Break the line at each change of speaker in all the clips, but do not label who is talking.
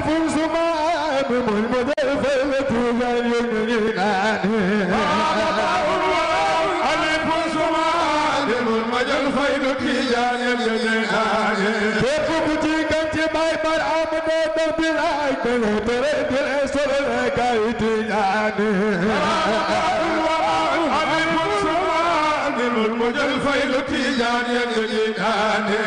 بوزما بمهمة فلت وغيرني مجل خير کی جانے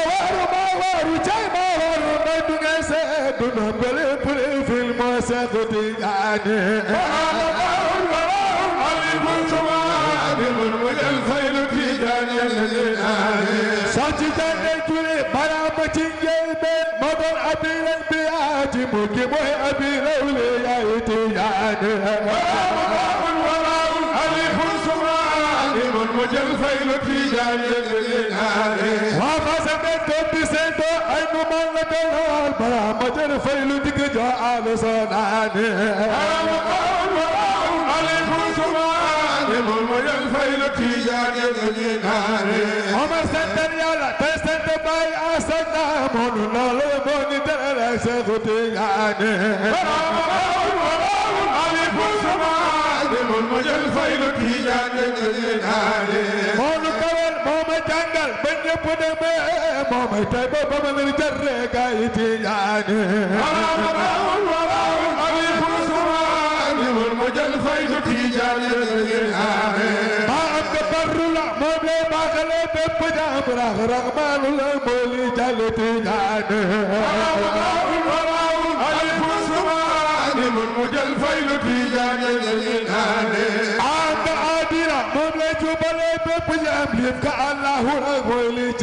مغار جاي مغار بدون أسد بل بل في الموسى تجاني يعني. يعني. من والخيل في دنيا الآن سجدت لي برامة جيبين مضر أبي الأنبياء مجيب أبي الأولياء تياني وراء ألف سمعان من مجل خيل في دنيا الآن وفزت ay nu man la gënal bara ma jër fay lu dikk jo al sonaane alaykum sumaane mul mo yel fay lu tijaan yel ni naane Omar santal yàlla tey sant bay asana mon loolu moo ñu tere Seexu Tijaane alaykum sumaane mul mo yel fay lu tijaan yel ni naane pune me mom tay bo bo me jarre gai ti jani ara ara ara abi pune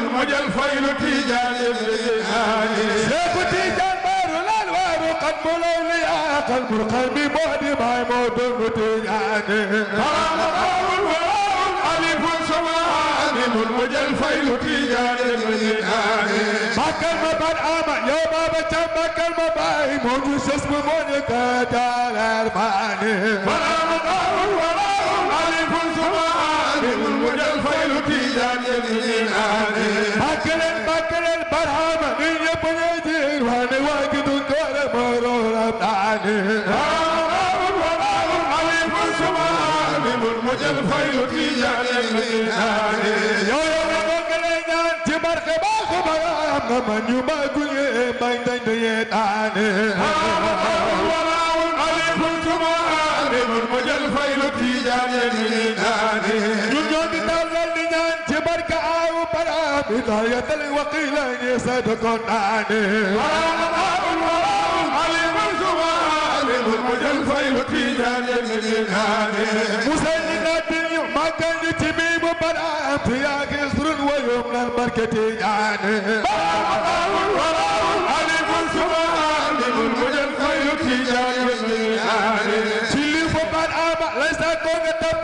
المجل فيل تيجان شيخ تيجان بار الانوار قلب الاولياء قلب القلب بعد ما يموت المتيجان قام
قام الوراء
الالف سواء المجل فيل تيجان مكر مبان عام يوم بجم مكر مباي موجود اسم مونيكا دار الماني
قام قام الوراء
الالف سواء العالم المدى
الخير في ذات الإنعام أكل
أكل البرهام من يبني دين وأنا واجد كل مرور أبداني
المدى الخير في ذات الإنعام يا يا
من يباكل بين ديتان وراء القلب الجمال من مجل فيلتي هداية الوقيلين صدق عاني وراء وراء عليم الجمال المجلفين في جانب
الإنهاني مسيدات
ما كان تميم براءة يا كسر ويمنى المركة يعني وراء وراء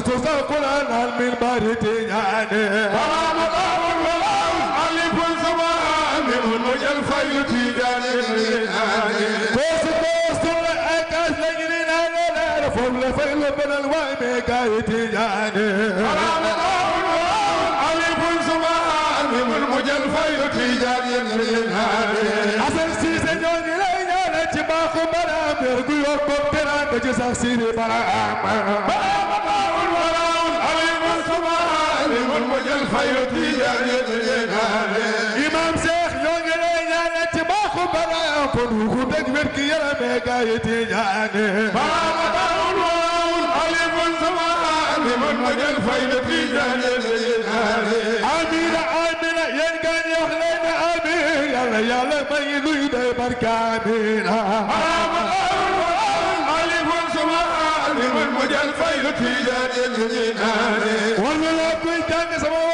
تسقى كل أنها المنبر تنعني وما
مطار ولا ألف سماء من مجل فيتي جاني كوس كوس الأكاس لجنين أنا
لا أرفض لفيل بن الوائم قايتي جاني
وما مطار ولا ألف سماء من مجل فيتي جاني أصل سيسي
جاني لأينا لتباخ مرام يرقو يوم بمتران بجزاك سيري مرام مرام إمام شيخ يونغلين أنا تباخو براكم وكبت مركي يا ميقايتي يعني بابا بارون ألف سواء لمن مجل فايدتي يعني عميلة عميلة ينقل يخلين عميل يلا يلا ميلو يدي بركامين بابا بارون ألف سواء لمن مجل فايدتي يعني والله كنت أنا سواء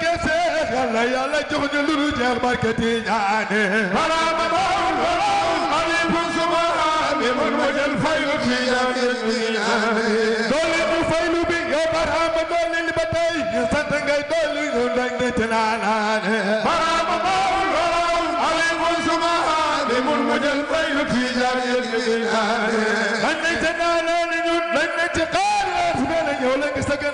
barke seex yàlla yàlla jox ñu lu dul jeex barke Tijaane baraama bawul baraawul maliku suma ami man ma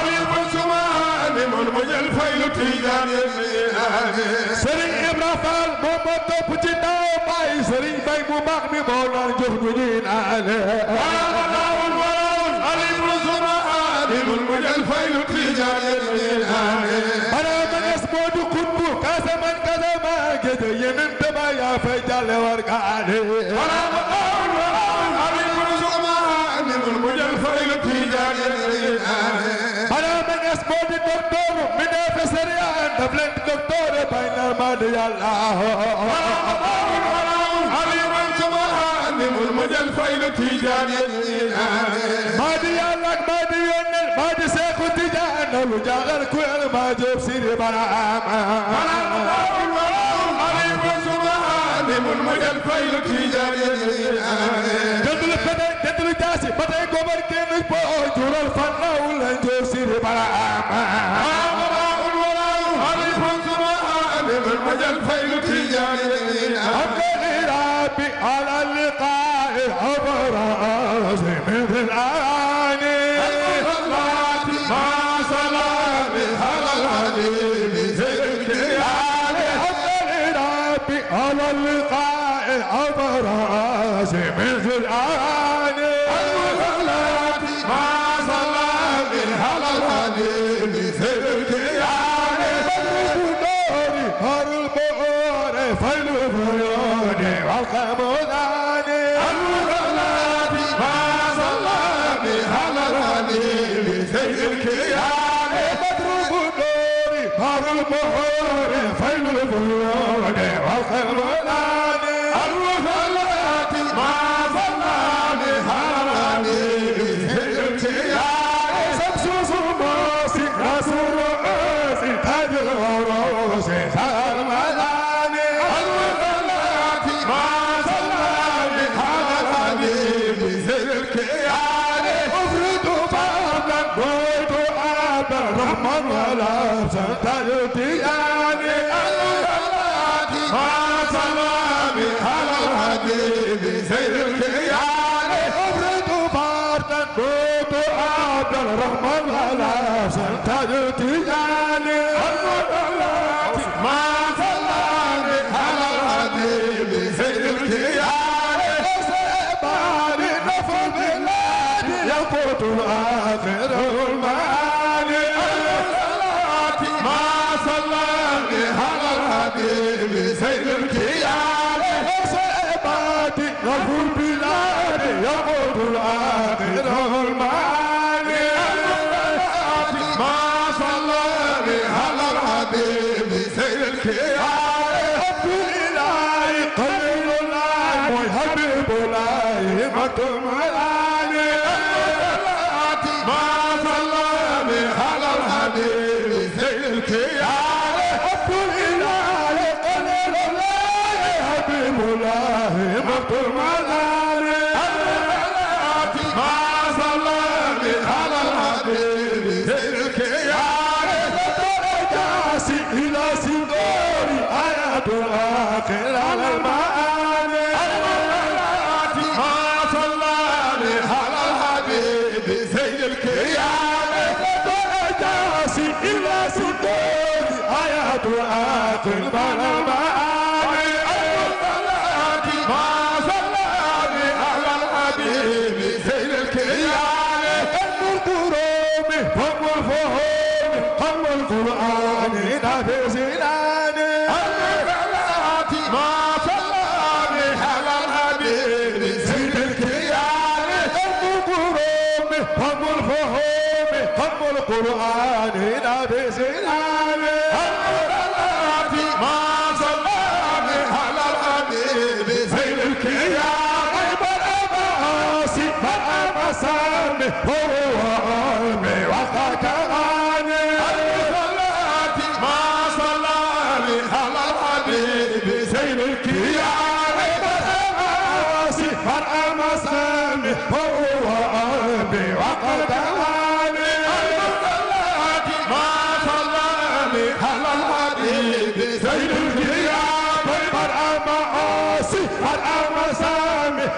xabib sumaani man mu jël faylu tiijaan yennaani sëriñ Ibra Faal moo ma topp ci daaw baay sëriñ bay bu baax mi moo naan jox ñu ñuy naane wala daawun walaawun xabib sumaani man mu jël faylu tiijaan yennaani ana manes moo du kutbu kaasa man kaasa maa géej yeneen tama yaa fay jàlle war gaane wala daawun walaawun xabib sumaani man mu jël faylu tiijaan
yennaani
ɓooɗi docteur minefe séria en def len docteur e baynamade yallah
aliman somaa
animul mojal fayno tijanina madi yallak madi yonnel madi seeku tijan alu jagal kuyal ma job siri barama aliman somaa animul mojal fayno
tijanina jodul
fedel naasi ba tey gobar kenn boo jural fan la wul njoo siri bara ama 세상 الآخر على المآل ما صلى على الحبيب زين الكيان تأجاسي إلا سدود آيات آخر على المآل ما صلى على الحبيب زين الكيان هم القرآن هم القرآن نافذ القرآن هنا بزنان القرآن ما زمان على الأمير يا عبر أباسي فالأبسان هو أمي وخكا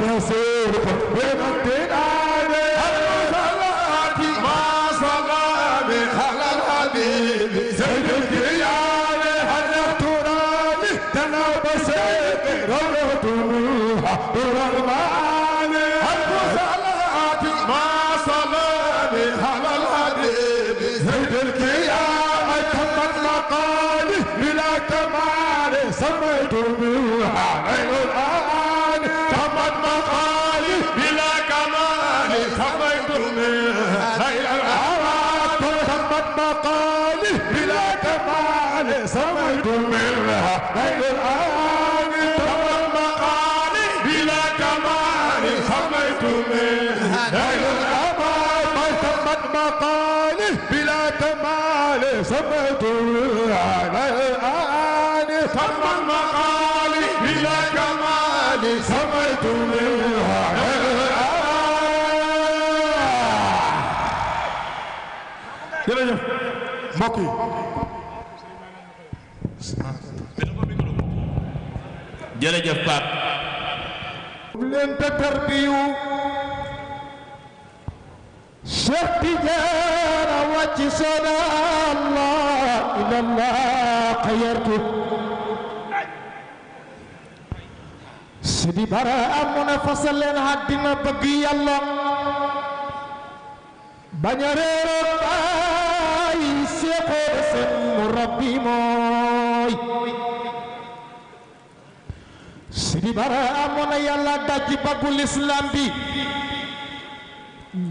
they not say, when من نيل الأمان ما تمت مقاله بلا تماله صمت على الآن تم المقاله بلا كمال صمت على الآن jërëjëf mbokk yi jërëjëf Pape bu leen te tarbiyu Cheikh Tidiane wàcc sona Allah ilallah xayartu sidi bara amu na fasal leen àddina bëgg yàlla bañ a réeroon bàyyi seexoo seen mu rabbi mooy sidi bara amoon na yàlla dajji baggu lislaam bi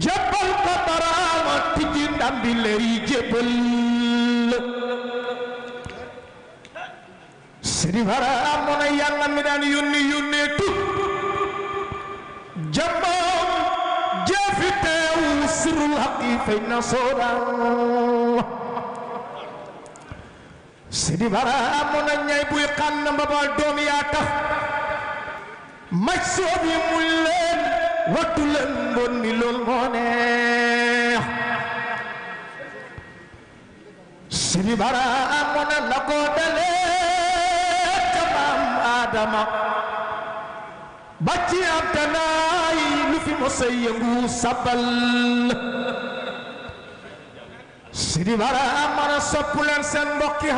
jébbal ko baraama tijji ndam bi lay jébbal sidi bara amoon na yàlla mi daan yónni yónneetu jàmboom jeefi teewu sirul haqi fay na soodaan sidi bara amoon na ñay buy xànn mbabal doom yaa tax maj soo bi leen wattu leen mbon lool moo neex sini bara amoon na na ko
dalee ca
Adama ba ci ab tanaay lu fi mos a yëngu sabal sini bara amoon na sopp leen seen mbokki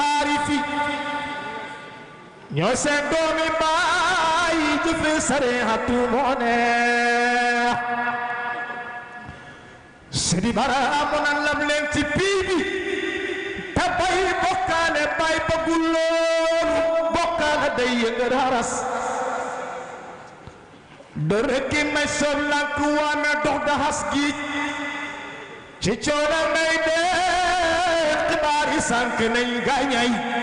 ñoo seen doomi baay jëfe sarihatu moo neex Sidi Barham mu nan lam leen ci pii bi bay bokkaale bay bëggul loolu bokkaale day yëngal haras dërë ki may sob lank waame dox daxas gi ci coono may dee xibaar yi sànk nañ gaañay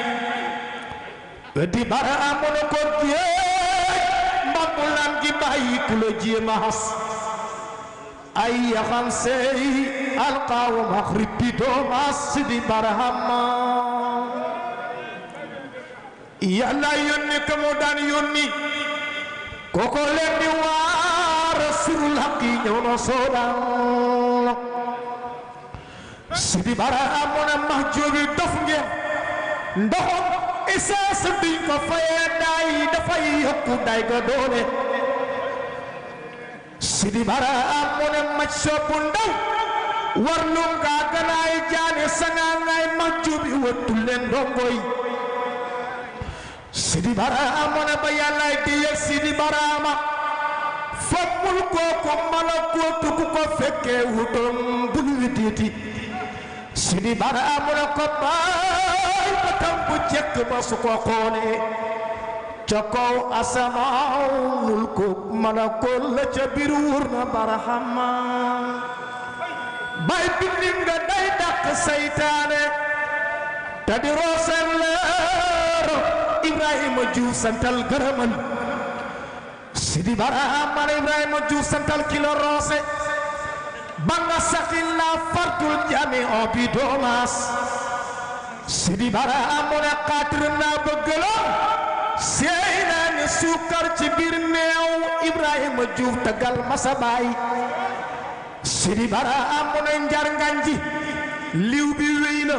di bara amoon na ko géej mbaggu lam gi bàyyi ku la jéem a xas ay yaxan seey alqaawu maxrib bi doomaas di barahama yàlla yónni ka mu daan yónni koko leen di waar sirul xaq yi ñëw na soodaan si di bara amoon na max jóobi dof ngeen ndoxom essence biñ ko fayee daay dafay yokku daay ko sidi bara am mu ne mac soppu ndaw warlum kaa ganaay jaane sangaangaay maccu bi wattu leen ndongoy sidi bara am mu ne ba yàllaay di yëg sidi baraama fommul kooku malakootu ku ko fekkee wutoom bul witiiti sidi bara mu ne baay batam bu jëkk ba su ko kaw asamaaw mul ko mën a ko la ca biir wur na barahama baay bindim nga day dàq saytaane te di rooseen leer Ibrahima Diouf santal gërëmal sidi bara man Ibrahima Diouf santal kilo roose بنسخ الله فرد الجميع بدوماس سيدي برا امون قادرنا بغلو سينا نسوكر ci biir neew ibrahima diouf tagal masa bay sidi bara amuna njar nganji liw bi weyna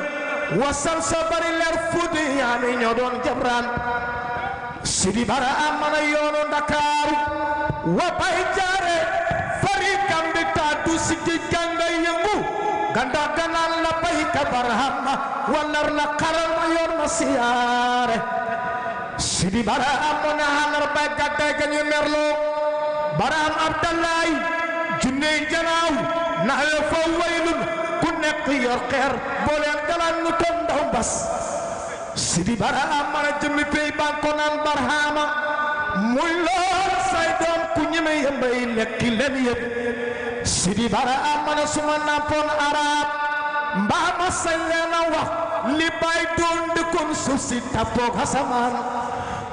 wasal so bari leer fudi yaani ñoo doon jabran sidi bara amana yoonu ndakaaru wa bay jaare sikikan gayamu gandagana lapai ka barhama wanar na karal mayor masiar sidi bara amona hanar pai gatte ganyu merlo baram abdallah junne janaw na yo fawail kunne qiyar qir bole dalan nutum daw bas sidi bara amar jimi pei bankonan barhama mulla saydam kunyme yambay lekki len yeb sidi bara amana suma nampoon arab mbaa ma sayana wax li bay doon dëkkoon suuf si tappoog asamaan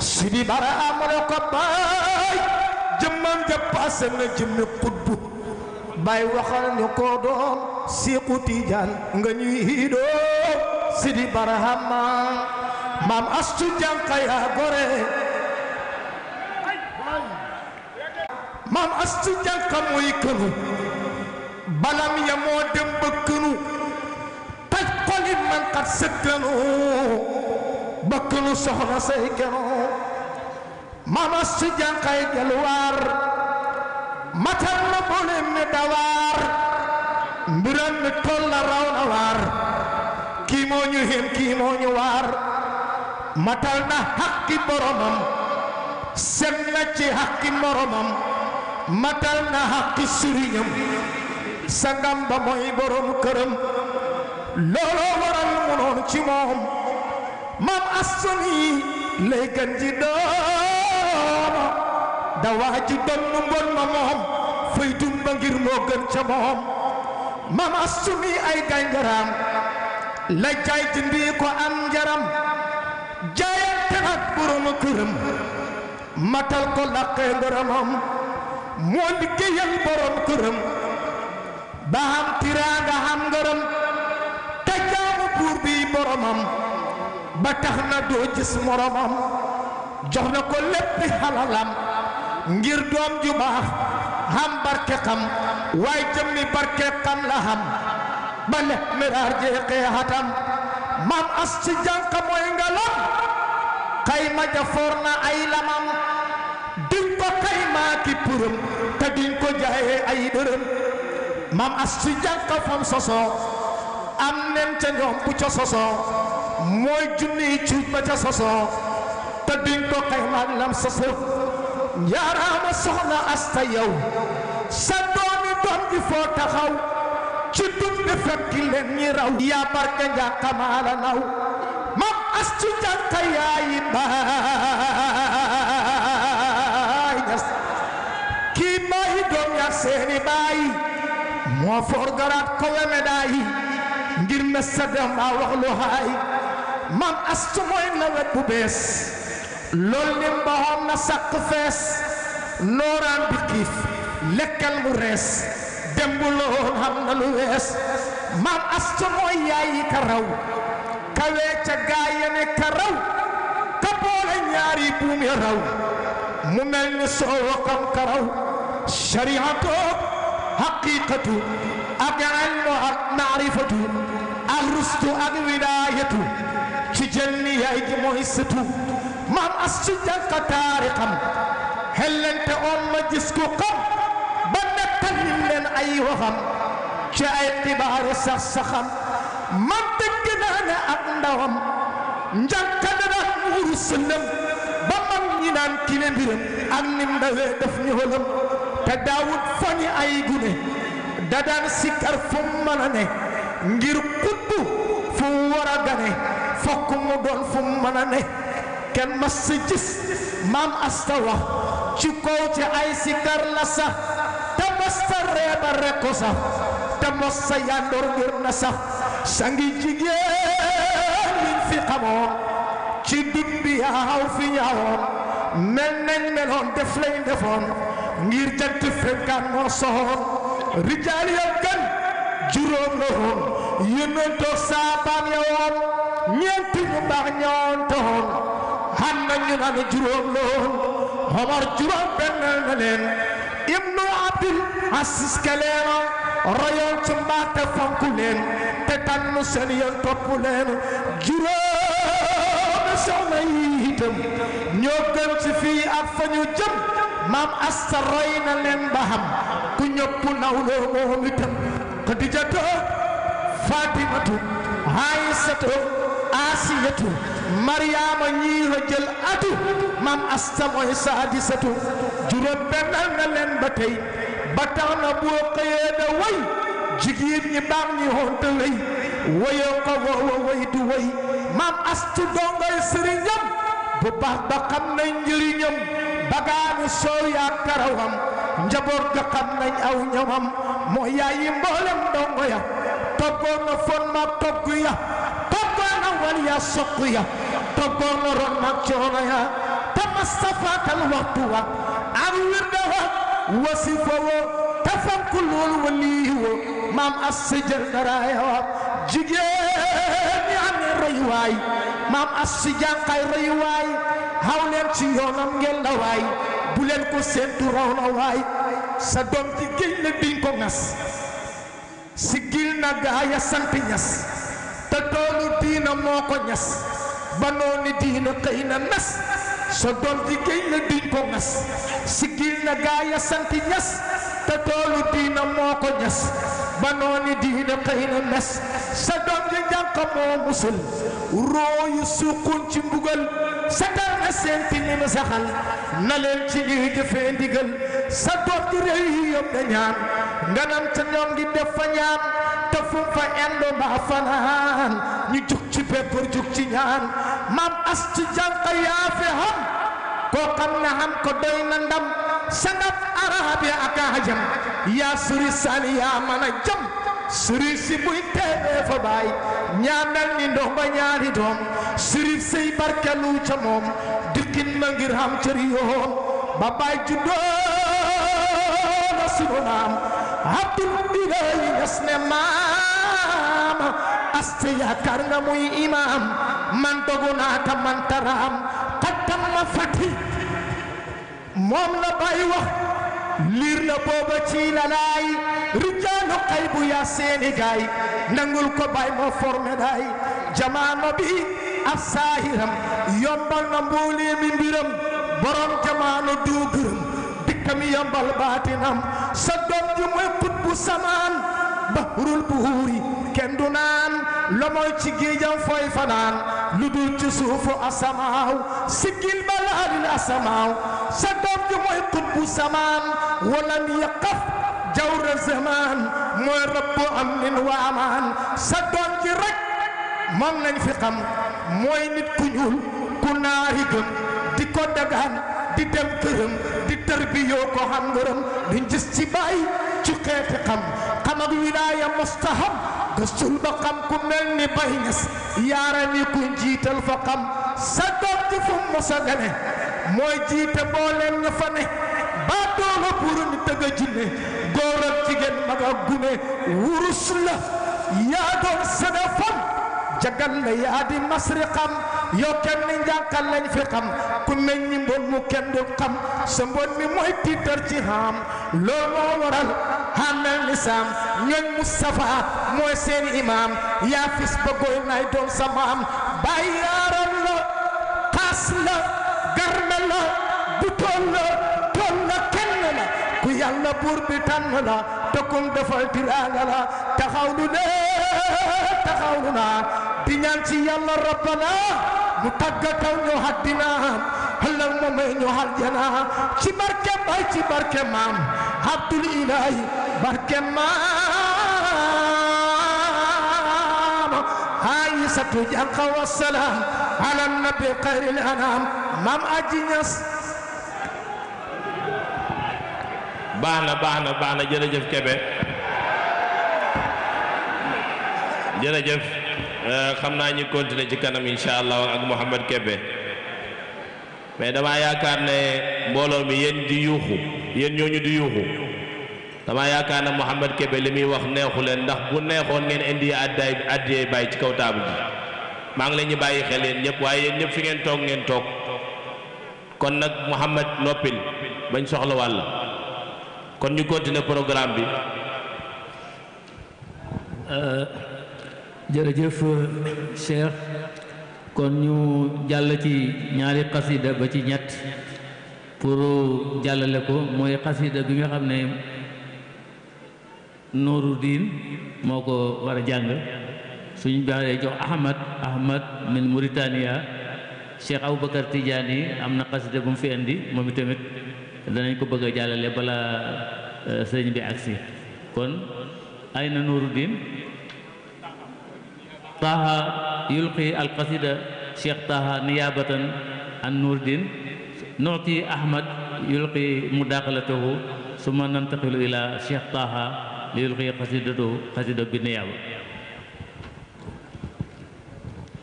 sidi bara amana ko bay jëmmam ja paase na jëmmi xutbu bay waxal ñu ko doon siiqu tijaan nga ñuy hiidoo sidi bara amma maam astu jànqa gore maam astu jànqa mooy kënu balam ya moo dem ba kënu taj xoli man xat sëkkanu ba kënu soxna say kenu mama si jànqay gelwaar matal na bolim mi dawaar mbiram mi tol na raw kii moo ñu hem kii moo ñu matal na xaqi boromam sem na ci xaqi moromam matal na xaqi sëriñam sangam ba mooy borom këram looloo waral mu ci moom maam asuni lay gën ji dooma dawaa ji doon nu ma moom fay ba ngir moo gën ca moom maam asuni ay gàngaraam la jaay jëndi ko am njaram jaayante ak borom këram matal ko laqee ngërëmam moo liggéeyal borom këram ba xam tiraanga xam ngërëm te jaamu buur bi boromam ba tax na doo gis moromam jox na ko léppi xalalam ngir doom ju baax xam barke xam waaye jëmmi barke xam la xam ba lépp miraar jeexee xatam maam as ci jànq mooy ngalam xayma ja foor na ay lamam diñ ko xaymaa ki përëm te ko jaayee ay dërëm maam Astou Diankha fam sosoo am nen ca ñoom bu ca sosoo mooy junni cuuj ba ca sosoo te duñ ko xaymaag lam sosoo njaaraama soxna Asta yow sa doomi doom gi foo taxaw ci dund fekk leen ñi raw yaa barke Diankha maa la naw maam Astou Diankha yaayi baay kii maayi doom ñaar seeni baay moo foor garaat ko wemedaayi ngir na sadam a waxlu haayi maam astu mooy nawet bu bees lool ni mbaxoom na sàq fees nooraan bi xiif lekkal mu rees dembu lool xam na lu wees maam astu mooy ka raw kawee ca gaayane ka raw ka boole ñaari buum ya raw mu mel ni soowa xam ka raw sariya حقيقة أك علم أك معرفة أك رسط أك ولاية تجني أك مهسة مام أسجد كتارقم هل أنت أم جسكو قم بنت من أيوهم شاي قبار سخسخم من تكنان أقنهم نجاكنا ورسلم بمن ينان كلمبرم أن نمدوه دفنه لهم te daawut foni ay gune da daan sikkar fu mën a ne ngir kudd fu war a gane fokk mu doon fu mën a ne kenn mas sa maam asta wax ci kaw ci ay sikkar la sax te sa reeba rekko sax te mos sa ngir na sax sa ngi jigéen liñ fi xamoon ci dut bi yaaw fi ñaawoon mel nañ meloon def lañ defoon ngir jant fenkaan moo soxoon rijaal ya gën juróom la woon yónnentoo saabaan ya woon ñeenti ñu baax ñoon toxoon xam na ñu juróom la woon juróom benneel na leen ibnu abdul asis kaleena royoon ci mbaate fonku leen te tànn seen yoon topp leen juróomi soxna yi itam ñoo gën ci fii ak fa ñu jëm maam asta roy na leen ba xam ku ñëpp nawloo moom itam xadijatu fatimatu aysatu asiyatu mariama ñii la jël atu maam asta mooy saadisatu juróom bennal na leen ba tey ba tax na boo xëyee way jigéen ñi baax ñi honte way wayoo ko woowa way du way maam astu dongoy sëriñam bu baax ba xam na njëriñam bagaanu soow yaa karawam ga xam aw ñamam moo mboolem ndongo ya toggoon ma togg ya toggoon na wal ya soq ya toggoon na ron ma coono ya te mastafakal waxtu wa ak wirda wa xaw ci yonam ngeen la way bu len ko sentu raw la way sa dom ci géej la diñ ko ŋas si gil na gaaya sant ñas te toolu diina moo ko ñas ba noonu diina xëy nas sa dom ci géej la diñ ko ŋas si gil na gaaya sant ñas te toolu diina moo ko ñas ba noonu diine xëy mes sa doom ja njànq moo musal rooyu suqun ci mbugal sa tar na seen tilim saxal na leen ci lii jëfee ndigal sa doom di réew yi yom da ñaan nganam te ñoom ngi def fa ñaan te fa endo mbaa fanaan ñu jug ci peppar jug ci ñaan maam as ci jànq yaa fi xam koo xam ne xam ko doy na ndam sangab arab ak ajam yaa suri saan yaa suri si buy teewee fa baay ñaanal ni ndomba ñaari doom suri sey barkelu ca moom dikkin ma ngir am cër yoon ba baay juddoo na sunu naam abdul ilaahi ñas ne maama aste yaakaar nga muy imaam man dogu naa ta man taraam xattam ma fati moom la bàyyi wax liir na booba ci lalaay rijaanu xay yaa seeni gaay nangul ko bàyyi moo formé daay jamaano bi ab saahiram yombal na mboolee mi mbiram borom jamaano duuguram dikkam yombal baatinam sa doom ju mooy samaan bahrul buhuuri kenn naan lomoy ci géejam fooy fanaan lu ci suufu asamaaw siggil balaalil asamaaw sa doom ji mooy qutbu samaan walam yaqaf jawra zaman mooy rabbu amnin wa amaan sa doom ji rek moom lañ fi xam mooy nit ku ñuul ku naari gëm di ko dagaan di dem di tarbiyoo ko xam ngërëm di ci bàyyi ci xeeti xam xam ak wilaaya mustahab gëstul ba xam ku mel ni bay ñes yaara ni ku njiital fa xam sa doom ji fu mu a gane mooy jiite mbooleem ña fa ne baatoo la buuru ni tëgg a jinne góor ak jigéen mag ak gune wurus la yaa doon sedefam jagal la yaa di masriqam yoo kenn ni njànqal lañ fi xam ku meñ ñi mbon mu kenn du xam sa mbon mi mooy tiitar ci xam loolu moo waral xàmmel lisaam ñooñ Mustafa mooy seen imaam yaa fis ba goy naay doon sa maam bàyyi yaaram la xaas la garme la du toll toll na kenn la ku yàlla buur bi tànn la te kum defal tiraanga la taxawlu ne taxawlu naa di ñaan ci yàlla rabbana mu tàggataw ñu haddina halal ma may ñu aljana ci barke bay ci barke maam Abdul Ilaahi barke maam aysatu janqa wassalaam ala nabi xayril anaam maam aji ñas
baax na baax na baax na jërëjëf Kebe jërëjëf euh, xam naa ñu continuer ci kanam insha allah ak Mouhamed Kebe mais dama yaakaar ne mbooloo mi yéen di yuuxu yéen ñooñu di yuuxu dama yaakaar na Mouhamed Kébé li muy wax neexu leen ndax bu neexoon ngeen indi addaay addiyee bàyyi ci kaw taabu ji maa ngi leen ñu bàyyi xel leen ñëpp waaye yéen fi ngeen toog ngeen toog kon nag Mouhamed noppil bañ soxla wàll kon ñu continuer programme bi
euh, jërëjëf Cheikh kon ñu jàll ci ñaari xasida ba ci ñett pour jàllale ko mooy xasida bi nga xam ne nuuru diin moo ko war a jàng suñ baaree jox ahmad ahmad min Mauritania Cheikh Aboubacar Tidiane am na xasida bu mu fi indi moom i tamit danañ ko bëgg a jàllale balaa euh, sëriñ bi agsi kon ay na nuuru diin taha yulqi alqasida Cheikh taha niyaabatan an nuur diin nuuti ahmad yulqi mudaaxalatahu suma nantaqilu ila Cheikh taha ليلقي قصيدته قصيدة بالنيابة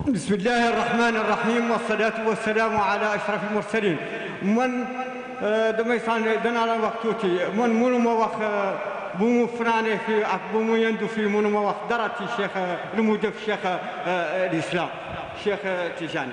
بسم الله الرحمن الرحيم والصلاة والسلام على أشرف المرسلين من آه، دميسان دنا على وقتوتي من من موخ آه، بومو فراني في آه، بومو يندو في من موخ درتي شيخ المجف شيخ الإسلام شيخ تيجاني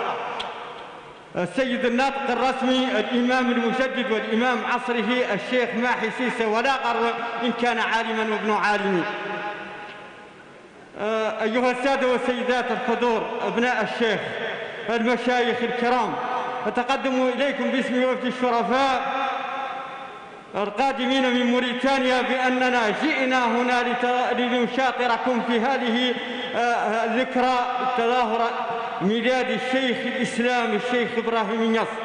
السيد الناطق الرسمي الإمام المجدد والإمام عصره الشيخ ماحي سيسي ولا غر إن كان عالما وابن عالم آه، أيها السادة والسيدات الحضور أبناء الشيخ المشايخ الكرام أتقدم إليكم باسم وفد الشرفاء القادمين من موريتانيا بأننا جئنا هنا لنشاطركم في هذه الذكرى آه، التظاهرة ميلاد الشيخ الإسلام الشيخ إبراهيم النصر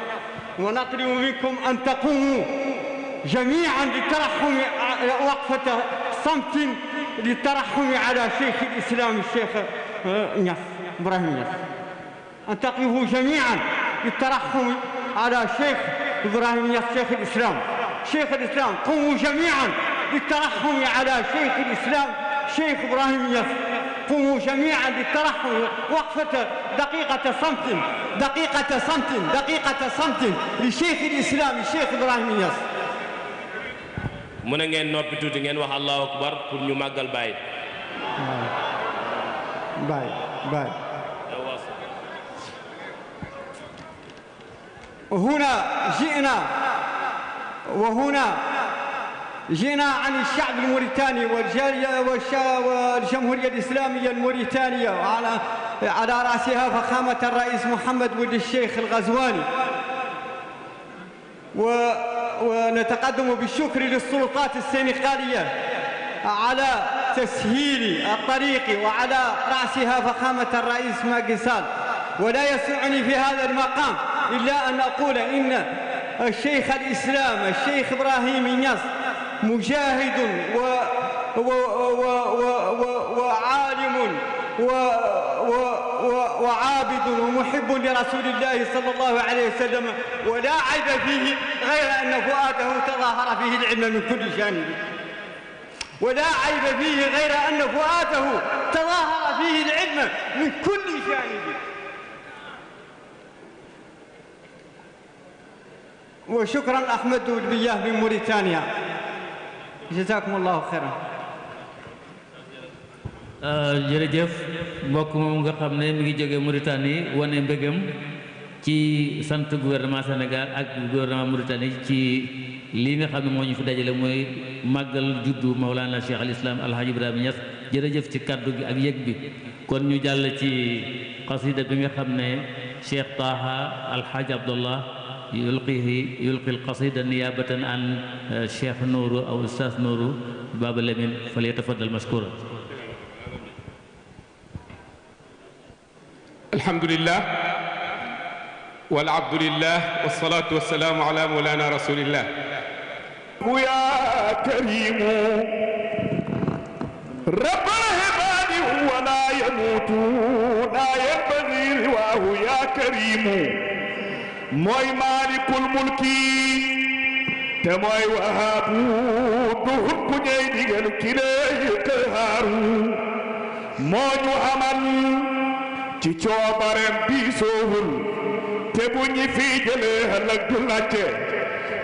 ونطلب منكم أن تقوموا جميعا للترحم وقفة صمت للترحم على شيخ الإسلام الشيخ آه، نص إبراهيم النصر أن تقفوا جميعا للترحم على شيخ إبراهيم النصر شيخ الإسلام شيخ الإسلام قوموا جميعا للترحم على شيخ الإسلام شيخ إبراهيم النصر قوموا جميعا بالترحل وقفة دقيقة صمت دقيقة صمت دقيقة صمت لشيخ الإسلام الشيخ إبراهيم ياس
من ngeen noppi tuuti ngeen wax allahu akbar pour ñu màggal bàyyi
bàyyi bàyyi هنا جئنا وهنا جينا عن الشعب الموريتاني والجمهورية الإسلامية الموريتانية وعلى على رأسها فخامة الرئيس محمد ولد الشيخ الغزواني و ونتقدم بالشكر للسلطات السنغالية على تسهيل الطريق وعلى رأسها فخامة الرئيس ماجيسال ولا يسعني في هذا المقام إلا أن أقول إن الشيخ الإسلام الشيخ إبراهيم ياسر مجاهد و و و و و وعالم و و و وعابد ومحب لرسول الله صلى الله عليه وسلم ولا عيب فيه غير أن فؤاده تظاهر فيه العلم من كل جانب ولا عيب فيه غير أن فؤاده تظاهر فيه العلم من كل جانب وشكرا أحمد البياه من موريتانيا jazakum allahu xeyran
euh, jërëjëf mbokk moom nga xam ne mu ngi jóge Mauritanie wone mbégam ci sant gouvernement Sénégal ak gouvernement Mauritanie ci lii nga xam ne moo ñu fi dajale mooy màggal juddu Mawlana Cheikh al Islam Alhaji Ibrahima Niass jërëjëf ci kaddu gi ak yëg bi kon ñu jàll ci xasida bi nga xam ne Cheikh Taha Alhaji Abdullah يلقيه يلقي القصيدة نيابة عن الشيخ نور أو أستاذ نور باب اليمين فليتفضل مشكورا
الحمد لله والعبد لله والصلاة والسلام على مولانا رسول الله يا كريم رب العباد ولا يموت لا ينبغي رواه يا كريم mooy maalikul mulki te mooy wahaabu du ku ñey digal ki lay qahaaru moo ñu amal ci coobarem bi te bu ñi fi jële halak du lacce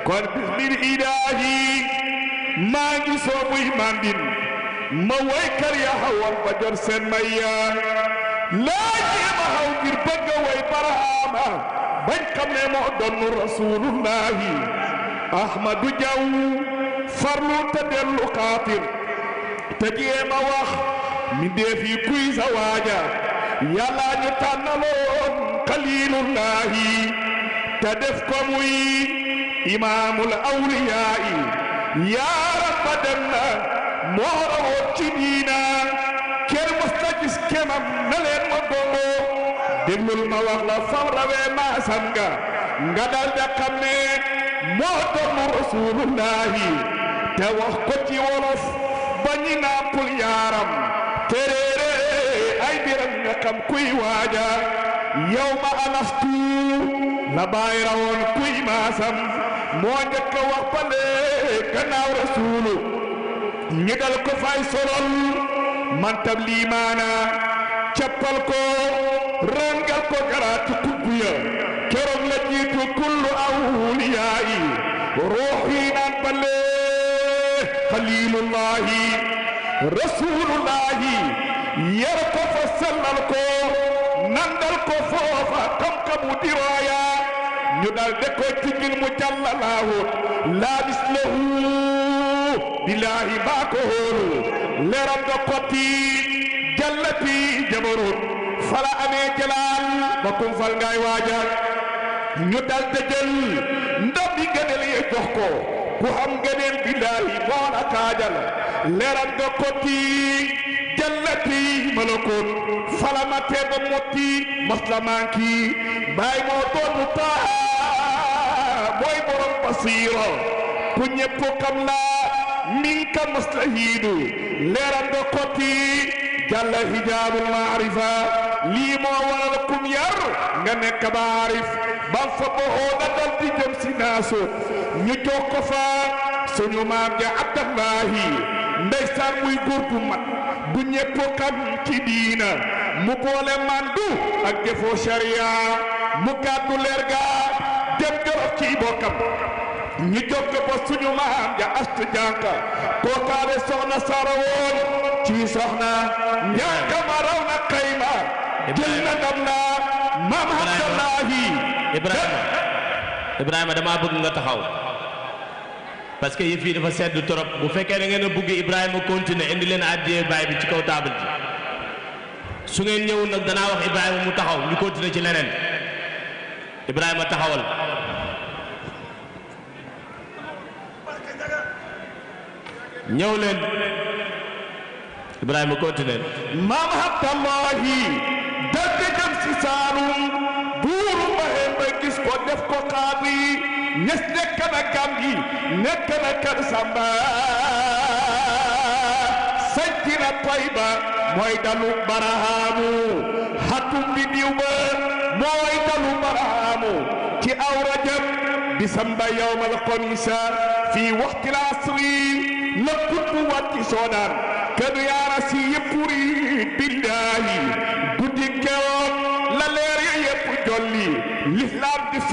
kon bismil ilaahi maa ngi soobuy mandin ma waykar ya hawal ba jot seen mayya laa jéema haw ngir bëgg way baraama بنكم مؤدن رسول الله احمد جو فرلو تدل قاطر تجي ما من دي في كوي زواجا يلا نتنلون قليل الله تدفكم امام الاولياء يا رب دمنا مهرم تدينا كير مستجس كما ملين déglul ma wax la soo rawee maasam nga nga dal da xam ne moo doon rasulullahi te wax ko ci wolof bañi naakul yaaram te réere ay biram nga xam kuy waaja yow ma alastu la bàyyi rawoon kuy maasam moo njëkk wax ba lee gannaaw rasulu ñu dal ko fay solol man tab liimaana cappal ko rangal ko karatu tuggu ya keroog la jiitu kullu awliyaa'i ruuxi naan balle xalilullahi rasulullahi yar ko fa sellal ko nandal ko foofa xam-xamu diraaya ñu dal de ko tigil mu jàllalaahu laabis lahu billahi maa ko hóolu leram nga kotti jallati jabarut fala amee jalaal bakkum fal ngaay waajal ñu dal te jël ndam yi gënal yi jox ko ku xam gëneel billaahi moon a kaajal leeral nga kotti jallati malakut fala ma teeba motti maslamanki baay moo dootu taa mooy borom basiira ku ñépp xam la minka maslahiidu leeral nga kotti jalla hijaabul maarifa lii moo waral kum yar nga nekk baarif bal fa boxoo na dal jëm si naaso ñu jox ko fa suñu maam ja abdallahi ndeysaan muy góor gu mat bu ñëpp xam ci diina mu boole mandu ak defoo sharia mu kàddu leer dem gërëm ci bokkam ñu jox ko ba suñu maam ja astu jànka kookaale soxna sara ci soxna njànka ma raw na xayma Ibrahima
Ibrahima Ibrahima damaa bëgg nga taxaw parce que yëf yi dafa sedd trop bu fekkee da ngeen a bëgg Ibrahima continuer indi leen àddiyee baay bi ci kaw taabal ji su ngeen ñëwul nag danaa wax Ibrahima mu taxaw ñu continuer ci leneen Ibrahima taxawal. ñëw leen
Ibrahima continuer. maam Abdallahi. dëgg-dëggam si saalum buuru Mbaye ma gis ko def ko xaabi ñes nekk na gam gi nekk na kër Samba sanc na toy ba mooy dalu barahaamu xatum bi diw ba mooy dalu barahaamu ci aw rajab bisamba yowmal xamisa fii waxtil asri la kuttu wàcci soodaan kanu yaara si yëppuri billahi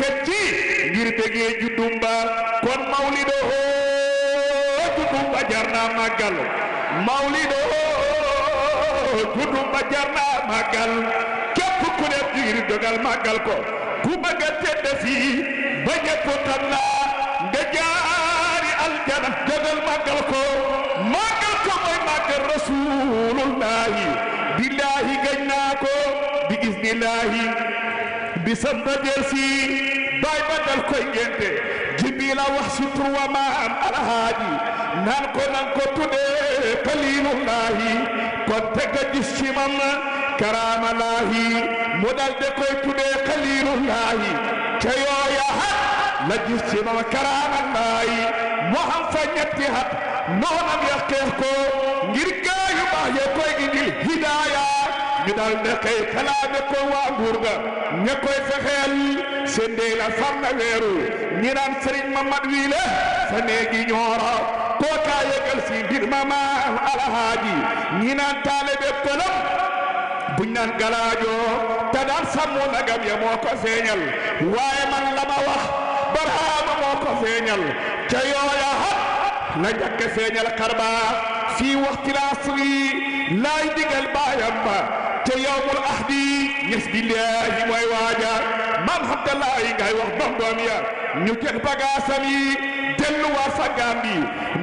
seet ci ngir bëggee juddum ba kon mawlido juddum ba jar naa màggal mawlido juddum ba jar naa màggal képp ku def ci ngir dogal màggal ko ku bëgg a tedd fi ba ñëpp tan la nga jaari aljana dogal màggal ko màggal ko mooy màggal rasulullahi billahi gañ naa ko bi gis billahi bi sant delsi baay ba dal koy ngénte jibrila wax si tur wa maam alhaaji nan ko nan ko tuddee kalilullahi kon te nga gis ci man karama laahi mu dal de koy tuddee kalilullahi ca yooya hat la gis ci man karama laahi mu xam fa ñetti hat noonam ya xeex ko ngir gaayu baax ya koy indil hidaaya يدال نكاي كلام كو وامبورغا نكاي فخيل سين دي ويرو ني نان محمد ويلا فنيغي نيورا كوكا يغل سي بير ماما على هادي ني طالب قلم بن نان غلاجو تدار سمو نغام يموكو سينال واي من لما واخ برهام موكو سينال تيويا نجاك سينال كربا في وقت العصر لا يدق البايم te yawmul ahdi ñes billaahi mooy waaja maam Abdallaahi ngay wax bambaam ya ñu teg bagaasam yi delluwaat sa gaam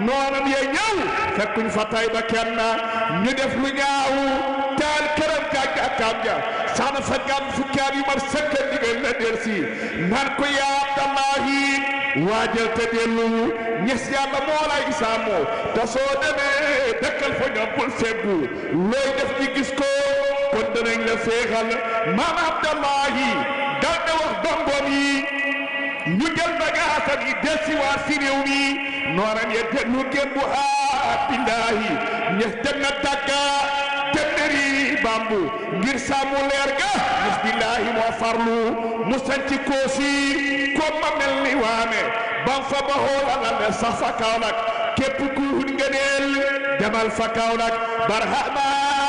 noonam ya ñëw fekkuñ fa tay ba kenn ñu def lu ñaaw taal këram gaaj saana sa gaam fukki at yu mat sëkka ndigal la del si naan ko yaa Abdallaahi te dellu ñes yàlla moo lay isaamoo te soo demee dëkkal fa ñoom bul seggu looy def ñi gis kon danañ la seexal maam Abdallahi dal na wax gomboom yi ñu jël bagaasam yi desiwaat si réew mi nooram ya te nu kenn bu abdillaahi dem na tàkka téeméeri bambu ngir sàmmu leer ga ñes billaahi moo farlu mu sanc koosi ko ma mel bam fa ba la sax fa Kaolack képp ku hun ngëneel demal fa Kaolack barhama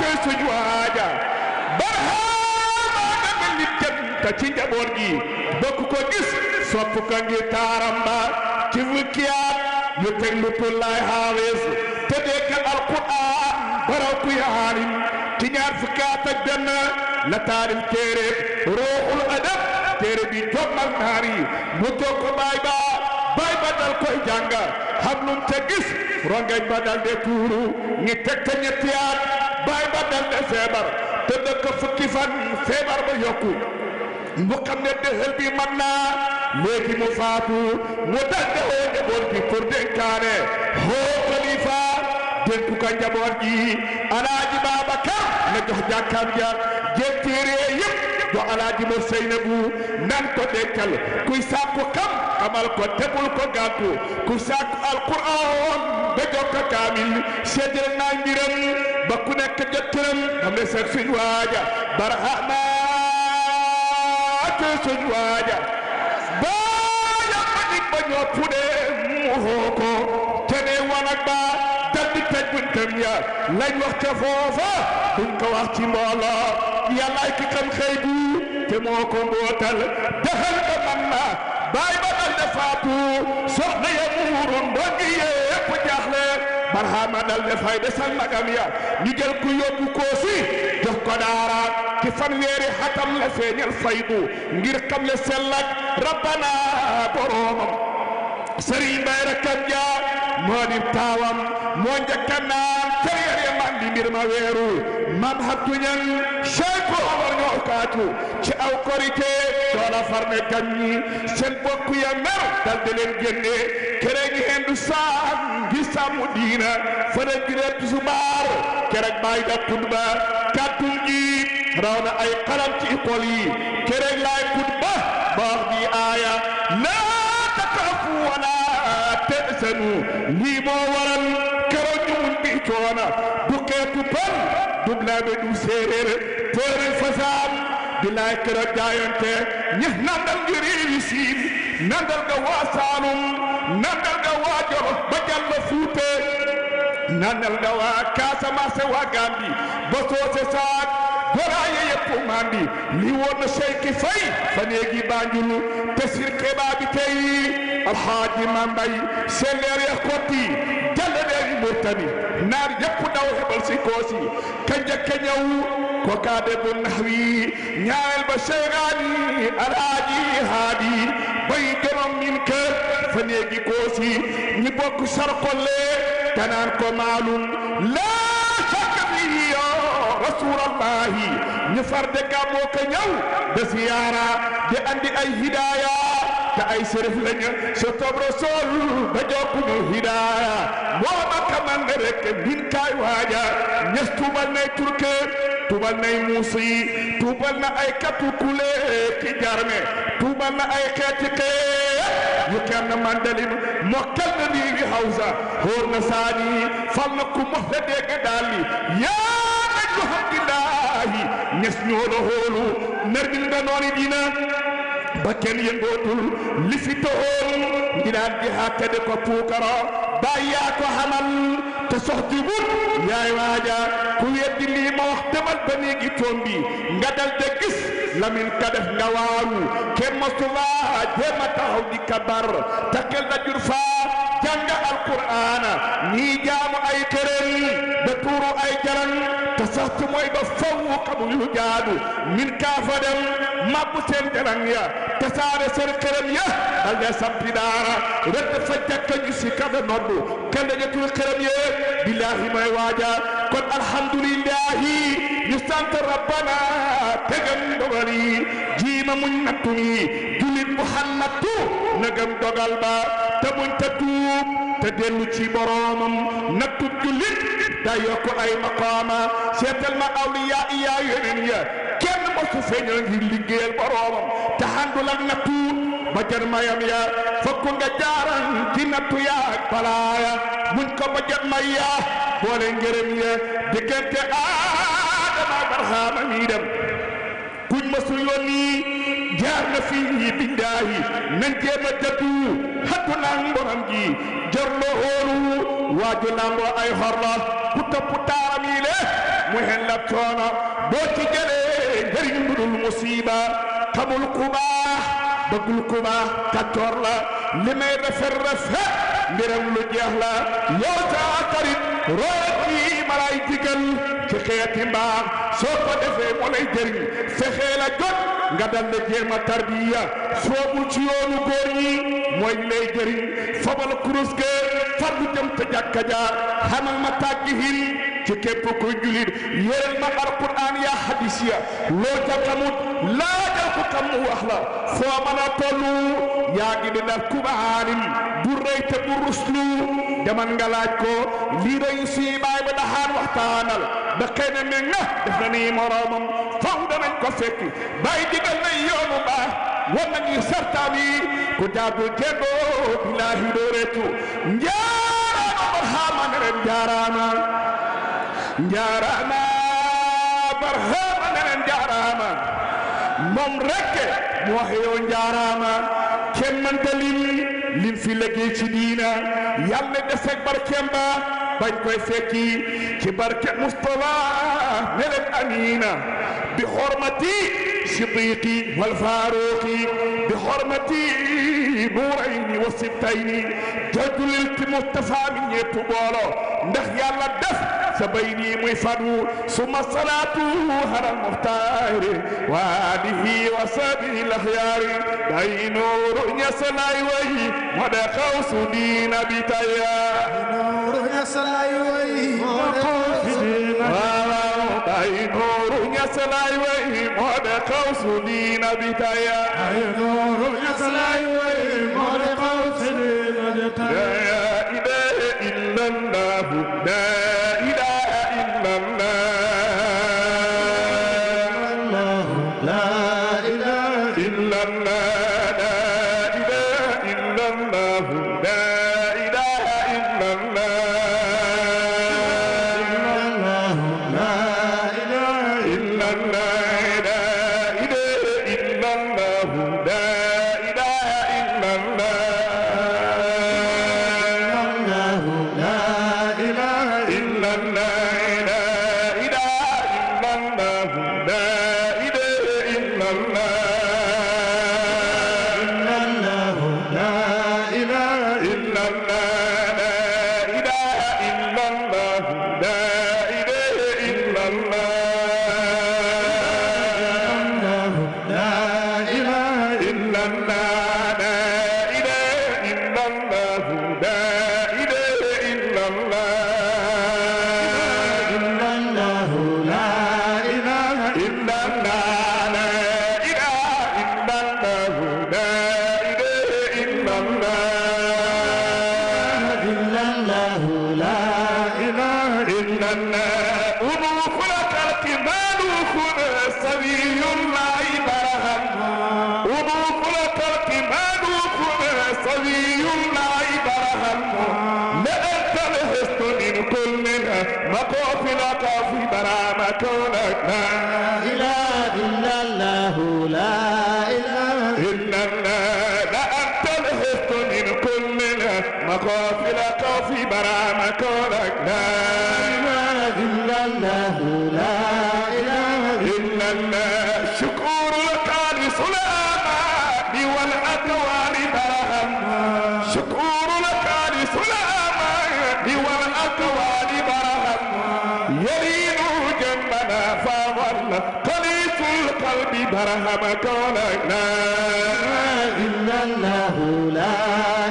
tey suñu waaja barhama danga li jëm ci njaboot gi bokk ko gis sopp ko ngir taaram ci wikkiyaat yu teg lu tullaay xaawees te dekkal alquran baraw ku yaarin ci ñaar fukki at ak la taalif téere ruuxul adab téere bi jommal naar yi ko baay ba baay ba koy jàng xam lu ca gis rongañ ba de tuuru ñi teg ca ñetti baay ba dal ne feebar te dëkk fukki fan feebar ba yokku mu xam ne dëxël bi man naa mu faatu mu dal ne oo njaboot bi pour dénkaane hoo xalifa dénku ka njaboot ji alaaji Babacar na jox jàkkaam jar jettiire yëpp do alaaji mo Seynabu nan ko dénkal kuy sàkku xam xamal ko tegul ko gàttu ku sàkku alquran ba jokka kaamil seedal naa ba ku nekk jot turam dam ne seet suñ waaja baraxanaat suñ waaja booya manik ba ñoo pudee mu xoo ko te ne wanag ba daldi buntam ya lañ wax ca foofa duñ wax ci mbooloo yàllaay ki xam xëy te moo ko mbootal ba man baay ba dal ne faatu soxna ya muurun ba ngi yee barhama dal def hay de sal nagam ya ñu jël ku yobbu ko si def ko dara ki fan wéri xatam la feñal faydu ngir xam le selak rabbana borom seri mbay rek kam ja ya. modi tawam mo ñeekana seri yare mandi mbir ma wéru mam hatu ñan faatu ci aw korité doona farne tammi seen bokku ya mer dal di leen génne kereg hendu saan ngi sàmmu diina fana gireeb tusubaar kereg baay da kutba kàttul ji raw na ay xalam ci école yi laay kutba ba wax bi aaya laa takaafu wala teesanu lii moo waral keroog ñu mun bi du keetu pan dub laa be du tooren fasad bilaay kero jaayonte ñi nandal ngi réewi siin nandal ga waa nandal ga waa jolof ba jàll fuute nandal ga waa waa Gàmbi ba saak goraaye yëpp mandi li woon na Seyki Fay fa néegi Banjul te sir kebaabi tey alxaaji Mambay selleer ya xotti tami naari yépp daw hebal si koosi ka njëkk a ñëw ko kaa debbo nahwi ñaareel ba seyraani alaaji haadi bay demam min ke fa néegi koosi ñi bokk sarkolle tanaan ko maalum laa shakka fihi rasulallahi ñu farde gàmmoo ka ñëw de siyaara de andi ay hidaaya te ay sërif lañu sotoob rasool ba jokkumu hidaaya moo ma kamande rek bin kaay waaja ñes tuubal nay turke tuubal nay muusi tuubal na ay katu kule ki jarme tuubal na ay xeeti xeet yu kenn mandalin mokkal na diiwi hawsa hóor na saani fal na ku mox la dégg daali yaa na ju hamdillaahi ñes ñoo la hóolu ner bin danooni diina bakel yengotul lifitohol ngidan di hakade ko pukara baya ko hamal te sohti wut yaay waja ku yeddi li ma wax demal ba negi tombi ngadal te gis lamin ka def nga waru ke masuwa jema taw di kabar takel da jurfa janga alquran ni jamu ay kerel be turu ay jaran te sax mooy ba faww xamul yu jaadu min kaafa dem mabbu seen jalan ya te saare seen xërëm ya dal de sampi daara rëdd fa jàkka ñu si kafe noddu kenn dañatul xërëm may waaja kon alhamdulillahi ñu rabbana tegam dogal yi jiima muñ te muñ te jullit da yokk ay maqaama seetal ma awliyaa yi yaa yeneen ya kenn mosu feeñal ngir liggéeyal boroomam te àndul ak nattu ba jar mayam ya fokk nga jaaran ci nattu yaa ak balaa ya muñ ko ba jar may yaa boole ngërëm ya diggante
aadama
barxaama mii jaar na fii yi bindaayi nan jéem a dëddu xattu naa ngoram gi jor loo xoolu waaju nangoo ay xor la ku topp taaram yi le mu hen lab coono boo ci jëlee njëriñ bu dul musiba xamul ku baax bëggul ku baax kàccoor la li may rafet rafet mbiram lu jeex la yow sa xarit royat yi ma lay digal xeeti mbaax soo ko moo lay jëriñ fexee la jot nga dal na jéem a tarbiya soobu ci yoonu góor ñi mooy lay jëriñ kurus ge fardu jëm te jàkka jaar xamal ma tàggihin ci képp kuy julit yéen ma alquran yaa hadis ya loo ca xamut laajal ko xam mu wax foo mën a toll yaa ngi di def kubaanin bu rëy te bu ruslu demal nga laaj ko lii rëy suy baay ba daxaan waxtaanal ba xëy na mel na def na ni moroomam faw danañ ko fekki bàyyi digal na yoonu baax war nañu sartaan ku jaagul jéego billaahi doo réccu njaaraama
barhaama
ne leen njaaraama njaaraama barhaama ne leen njaaraama moom mu wax yow njaaraama kenn mënta lim lim fi legge ci dina yàlla def ak barkeem ba bañ koy fekki ci barke Mustafa ne amina bi hormati siddiqi wal faruqi bi hormati nuurayni wa jadul jojulil Mustafa min yepp bolo ndax yàlla def sa bay muy fadu suma salaatu haral muxtaari waadihi wa sabi laxyaari day nuuru ñesalaay way moo de xaw su diina bi taya day nuuru ñesalaay way moo de xaw su diina bi taya وقوفنا كافينا ما لا إله إلا الله لا إله إلا الله لا أنت الهفت من كلنا مقافل كافي برا مكونك لا قلبي برهمك ولا لا إلا الله لا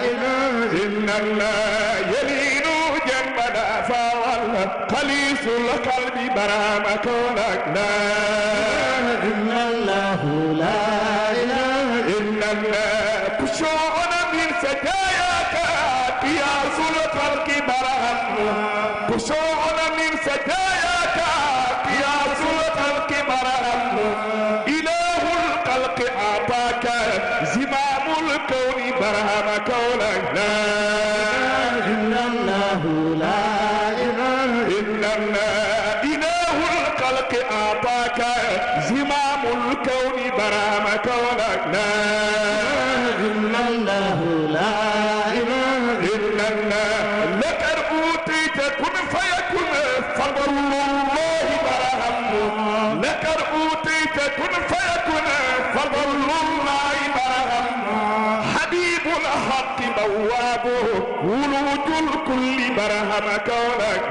إله إلا الله يلين جنبنا فوالله قليس لقلبي برهمك ولا لا إلا الله لا إله إلا الله خشوعنا من سجاياك يا رسول الخلق برهم خشوعنا من سجاياك يا رسول الخلق برهم أعطاك زمام الكون برهمك ولا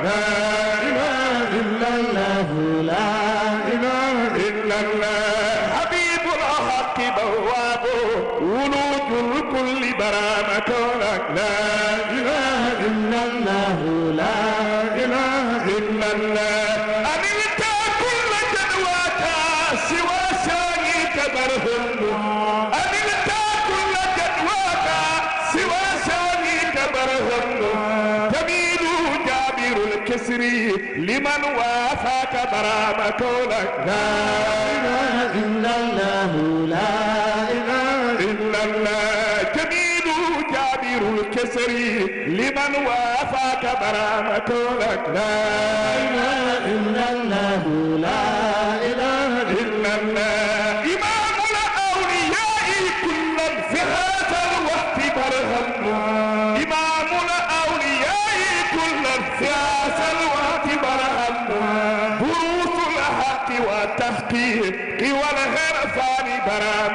no. من وافاك برام لا إله إلا الله لا إله إلا الله جميل جابر لمن وافاك لا إله إلا الله لا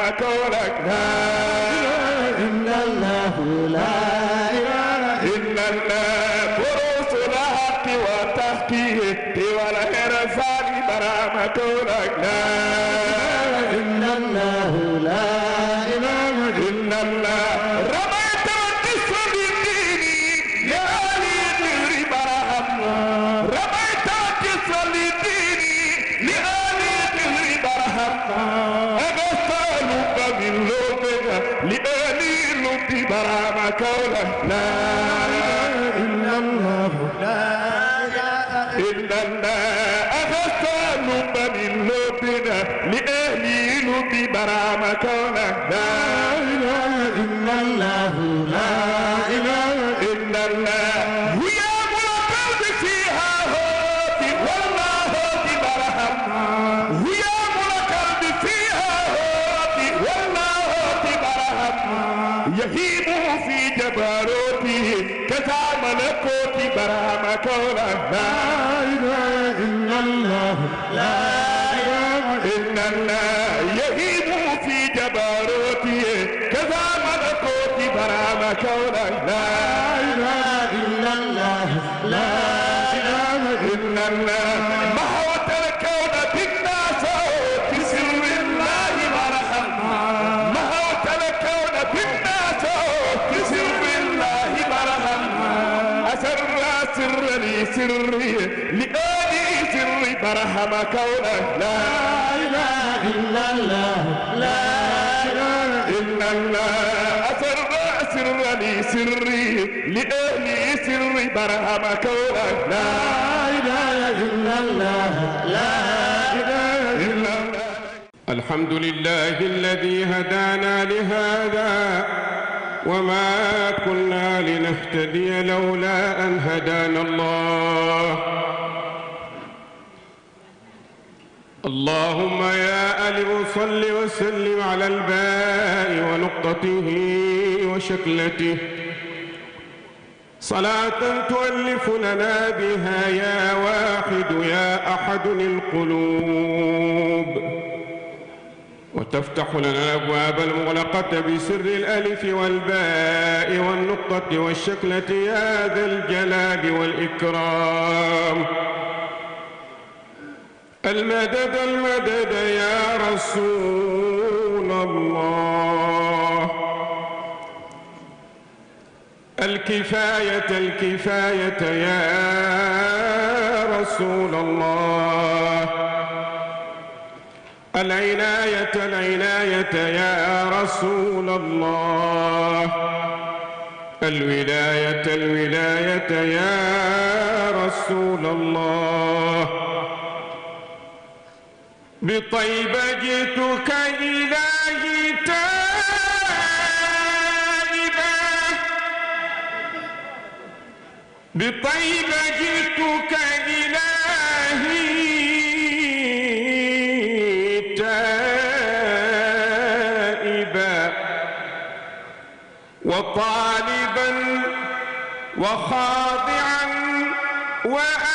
I go like that. Saramakola. سري لآلي سري برهم كونه لا إله إلا الله لا إله إلا الله أسرى سر لي سري لآلي سري برهم كونه لا إله إلا الله لا إلا الله الحمد لله الذي هدانا لهذا وما كنا لنهتدي لولا أن هدانا الله اللهم يا ألم صل وسلم على الباء ونقطته وشكلته صلاة تؤلف لنا بها يا واحد يا أحد القلوب وتفتح لنا الأبواب المغلقة بسر الألف والباء والنقطة والشكلة يا ذا الجلال والإكرام المدد المدد يا رسول الله الكفاية الكفاية يا رسول الله العناية العناية يا رسول الله الولاية الولاية يا رسول الله بطيب جئتك إلهي تائبا بطيب جئتك إلهي رابعا وأ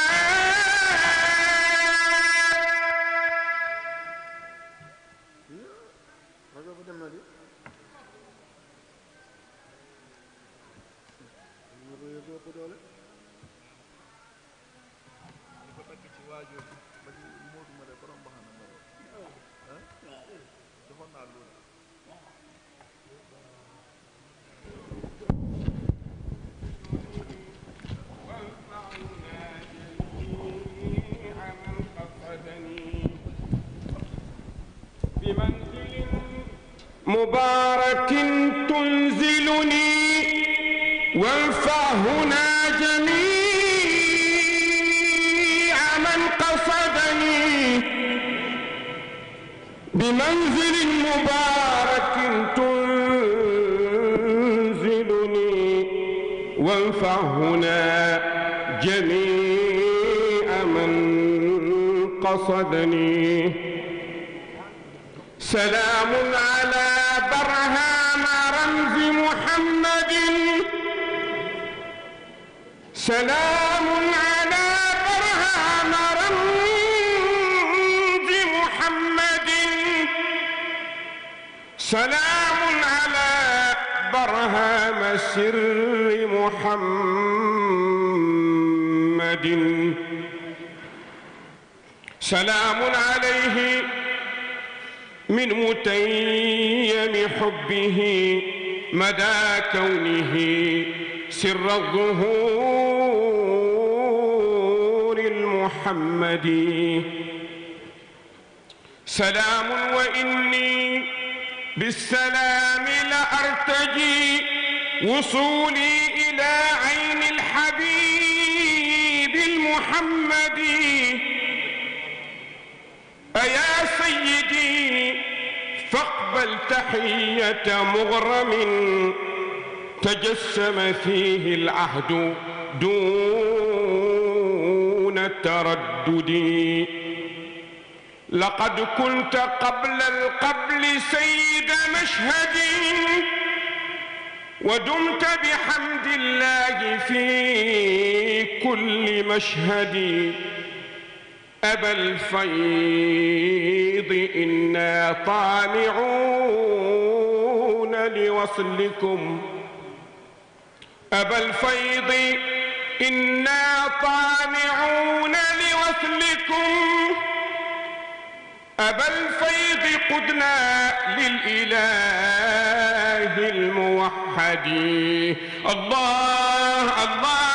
مبارك تنزلني وانفع هنا جميع
من قصدني
بمنزل مبارك تنزلني وانفع هنا جميع من قصدني سلام على عبرها مع رمز محمد سلام على برهام رمز محمد سلام على برهام سر محمد سلام عليه من متيم حبه مدى كونه سر الظهور المحمدي سلام وإني بالسلام لأرتجي وصولي إلى عين الحبيب المحمدي أيا سيدي فاقبل تحية مغرم تجسم فيه العهد دون تردد لقد كنت قبل القبل سيد مشهد ودمت بحمد الله في كل مشهد أبا الفيض إنا طامعون لوصلكم أبا الفيض إنا طامعون لوصلكم أبا الفيض قدنا للإله الموحد الله الله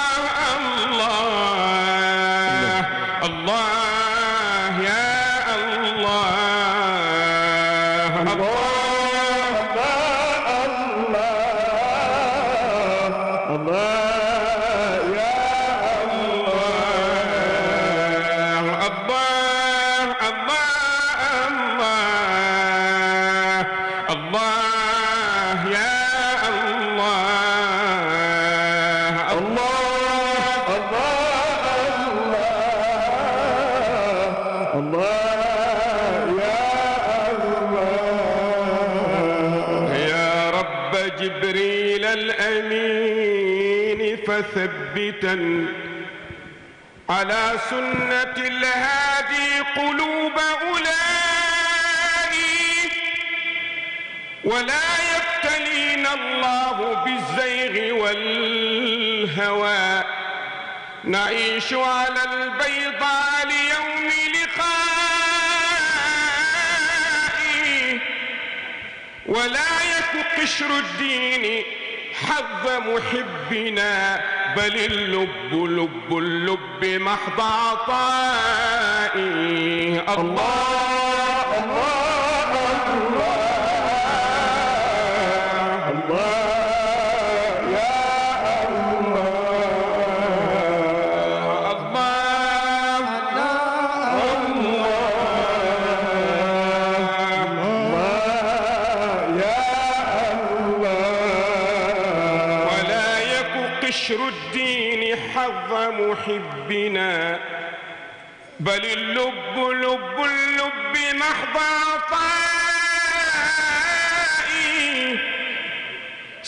على سنة الهادي قلوب أولئك ولا يبتلين الله بالزيغ والهوى نعيش على البيضاء ليوم لقائه ولا يك قشر الدين حظ محبنا بل اللب لب اللب محض عطائي الله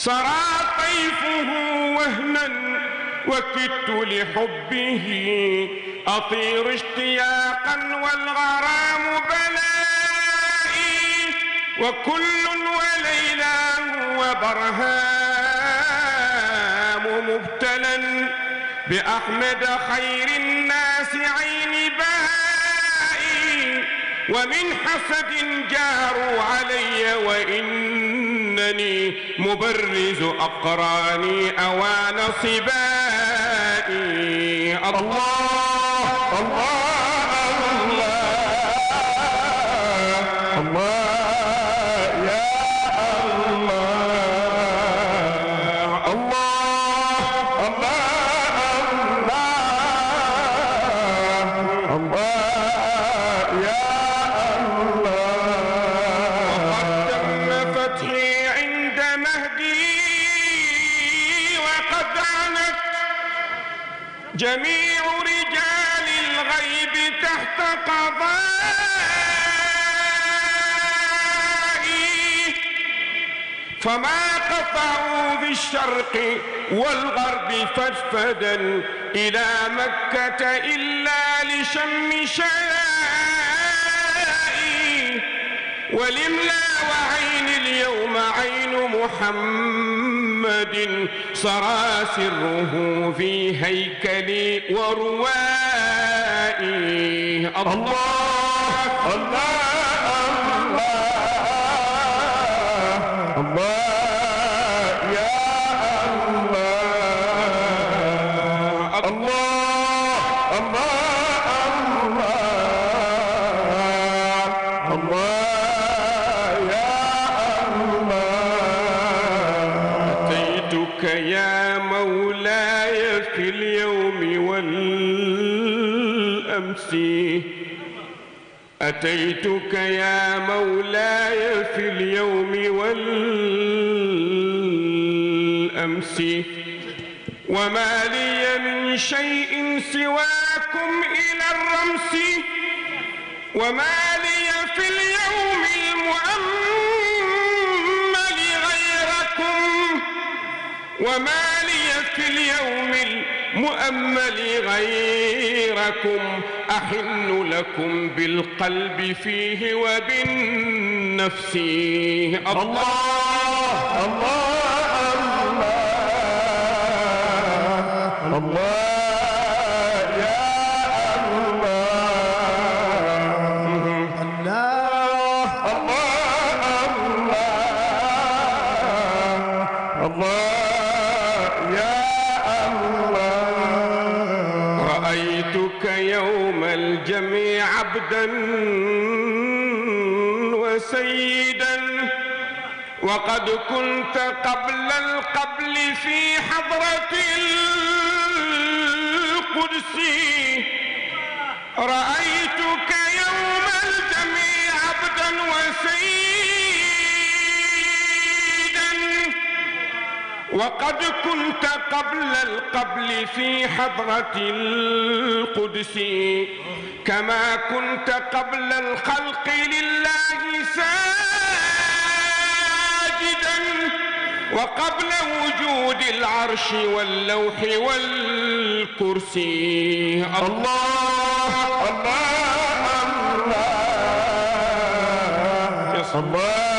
سرى طيفه وهنا وكدت لحبه أطير اشتياقا والغرام بلائي وكل وليلاه وبرهام مبتلا بأحمد خير الناس عين بائي ومن حسد جاروا علي وإن أنني مبرز أقراني أوان صبائي الله وقعوا في الشرق والغرب فافدا إلى مكة إلا لشم شلائي ولملا وعين اليوم عين محمد صرى سره في هيكلي وروائي الله الله, الله أتيتك يا مولاي في اليوم والأمس وما لي من شيء سواكم إلى الرمس وما لي في اليوم المؤمل غيركم وما لي في اليوم مؤمل غيركم أحن لكم بالقلب فيه وبالنفس
الله الله
عبدا وسيدا وقد كنت قبل القبل في حضرة القدس رأيتك يوم الجمع عبدا
وسيدا
وقد كنت قبل القبل في حضرة القدس كما كنت قبل الخلق لله ساجدا وقبل وجود العرش واللوح والكرسي الله الله الله, الله, الله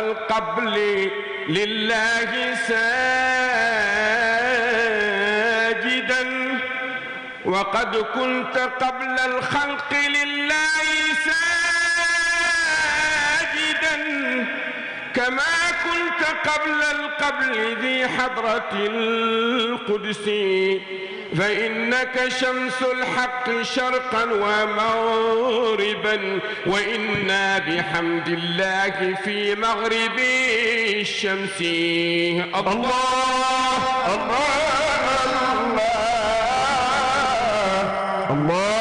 القبل لله ساجدا وقد كنت قبل الخلق لله ساجدا كما كنت قبل القبل ذي حضرة القدس فإنك شمس الحق شرقا ومغربا وإنا بحمد الله في مغرب الشمس الله
الله الله, الله, الله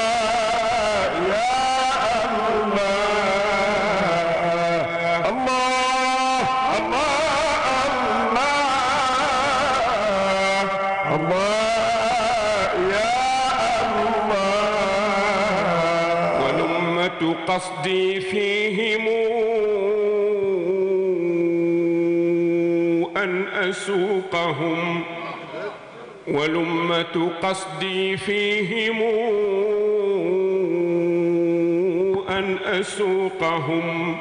قصدي فيهم أن أسوقهم ولمة قصدي فيهم أن أسوقهم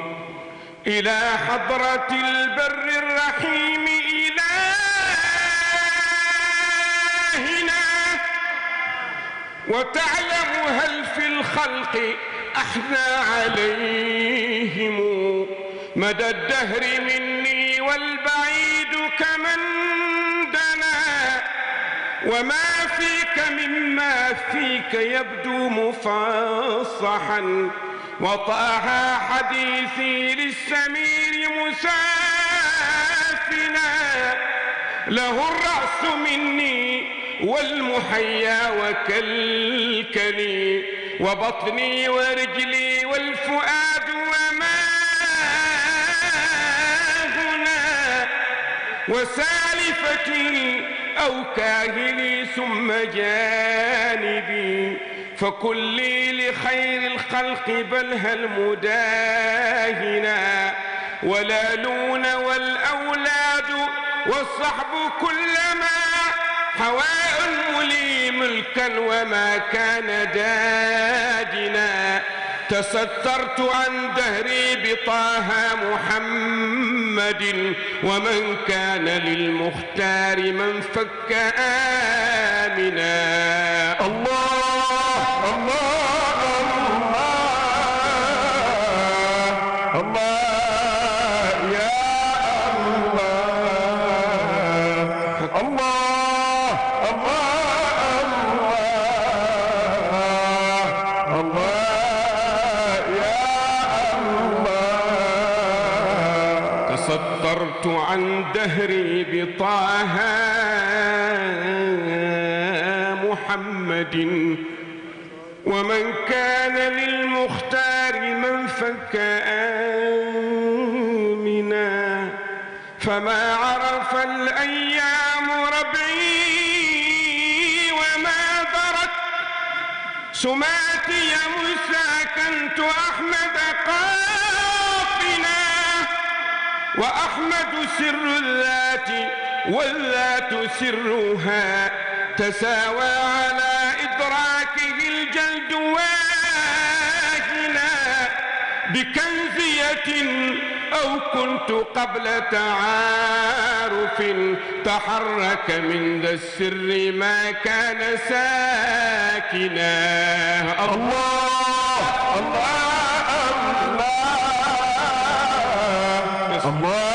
إلى حضرة البر الرحيم إلهنا وتعلم هل في الخلق احنا عليهم مدى الدهر مني والبعيد كمن دنا وما فيك مما فيك يبدو مفصحا وطاها حديثي للسمير مسافنا له الرأس مني والمحيا وكالكليم وبطني ورجلي والفؤاد وما هنا وسالفتي أو كاهلي ثم جانبي فكلي لخير الخلق بل هل مداهنا ولا لون والأولاد والصحب كلما حوالي ملكا وما كان دادنا تسترت عن دهري بطه محمد ومن كان للمختار من فك آمنا الله ومن كان للمختار من فك آمنا فما عرف الأيام ربعي وما درت سماتي موسى كنت أحمد قافنا وأحمد سر الذات والذات سرها تساوى على إدراكه الجلد واهنا بكنزية أو كنت قبل تعارف تحرك من ذا السر ما كان ساكنا
الله الله الله
الله, الله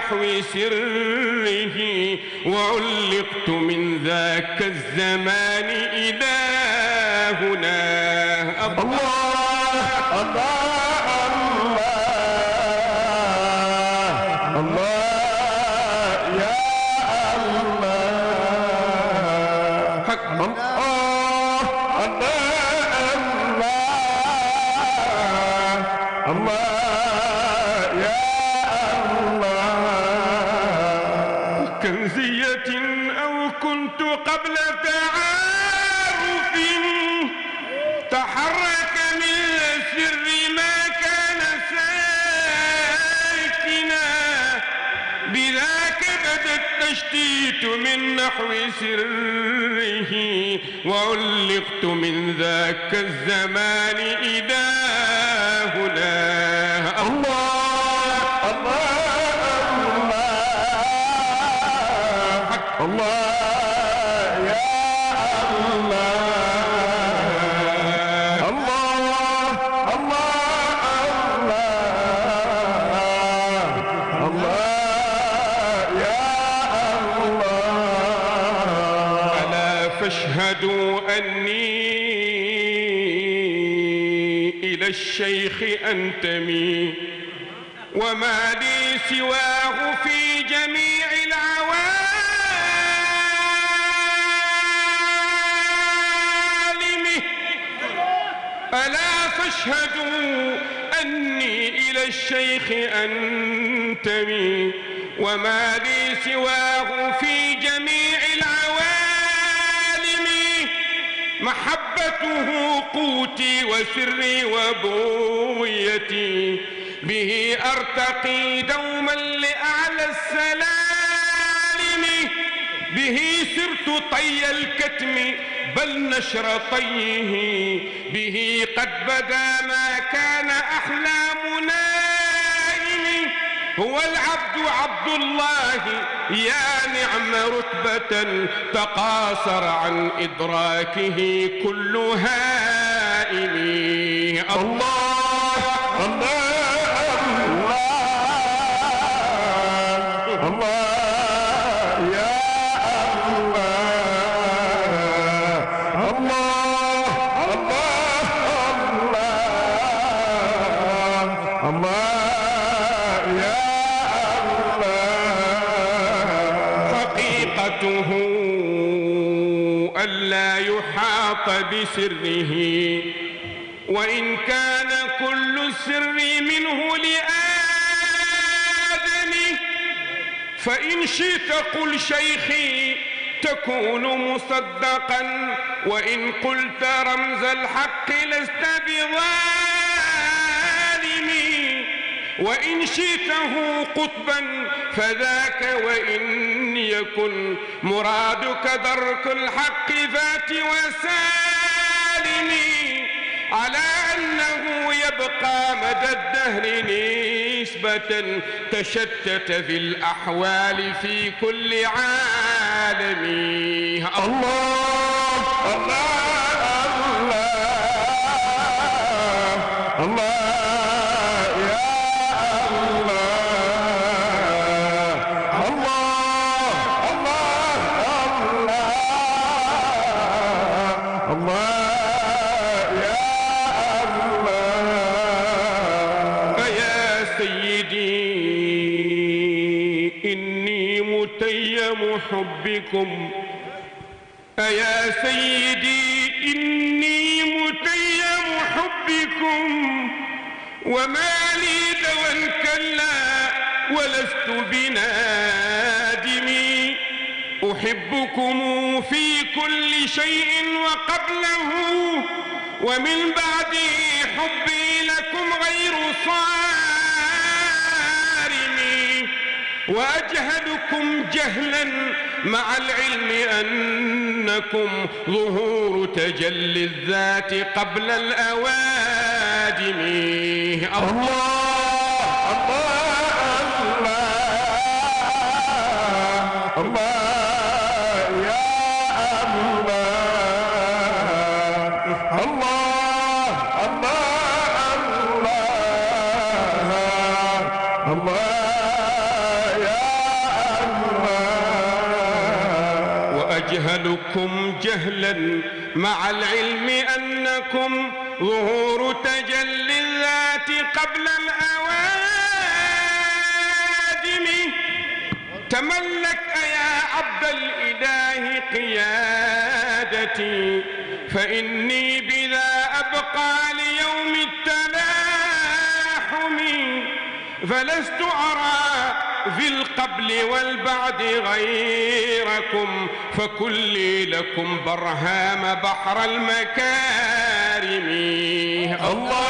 نحو سره وعلقت من ذاك الزمان إلى هنا الله
الله
من نحو سره وعلقت من ذاك الزمان إذا هنا الله الله الله, الله يا الله واشهدوا اني الى الشيخ انتمي وما لي سواه في جميع العوالم الا فاشهدوا اني الى الشيخ انتمي وما لي سواه في محبته قوتي وسري وبويتي به أرتقي دوما لأعلى السلالم به سرت طي الكتم بل نشر طيه به قد بدا ما كان أحلامنا هو العبد عبد الله يا نعم رتبة تقاصر عن إدراكه كل هائم الله سره وإن كان كل السر منه لآدم فإن شئت قل شيخي تكون مصدقا وإن قلت رمز الحق لست بظالم وإن شئته قطبا فذاك وإن يكن مرادك درك الحق فات وسائل عيني على أنه يبقى مدى الدهر نسبة تشتت في الأحوال في كل عالم الله الله ربكم أيا سيدي إني متيم حبكم وما لي دوى كلا ولست بنادمي أحبكم في كل شيء وقبله ومن بعدي حبي لكم غير
صارم
وأجهلكم جهلا مع العلم أنكم ظهور تجلي الذات قبل الأوادم الله
الله الله الله
جهلا مع العلم أنكم ظهور تجلي الذات قبل الأوادم تملك يا عبد الإله قيادتي فإني بذا أبقى ليوم التلاحم فلست أرى في القبل والبعد غيركم فكلي لكم برهام بحر المكارم الله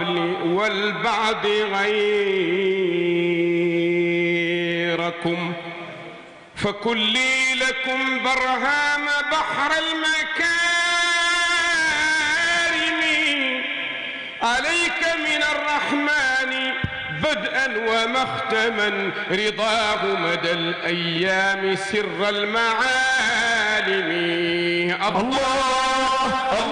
قبلي والبعد غيركم فكلي لكم برهام بحر المكارم عليك من الرحمن بدءا ومختما رضاه مدى الايام سر المعالم الله الله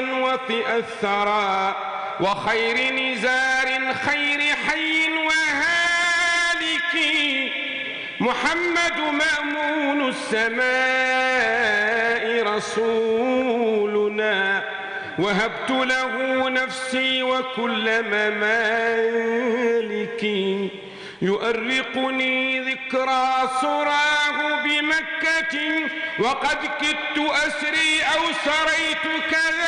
من وطئ الثرى وخير نزار خير حي وهالك محمد مأمون السماء رسولنا وهبت له نفسي وكل ممالكي يؤرقني ذكرى سراه بمكة وقد كدت أسري أو سريت كذلك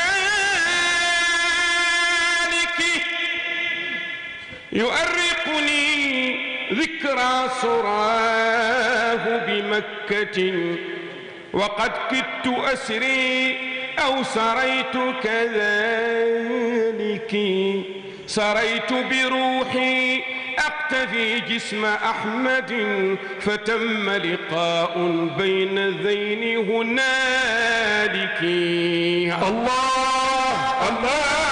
يؤرقني ذكرى سراه بمكة وقد كدت أسري أو سريت كذلك سريت بروحي علقت في جسم أحمد فتم لقاء بين ذين هنالك الله
الله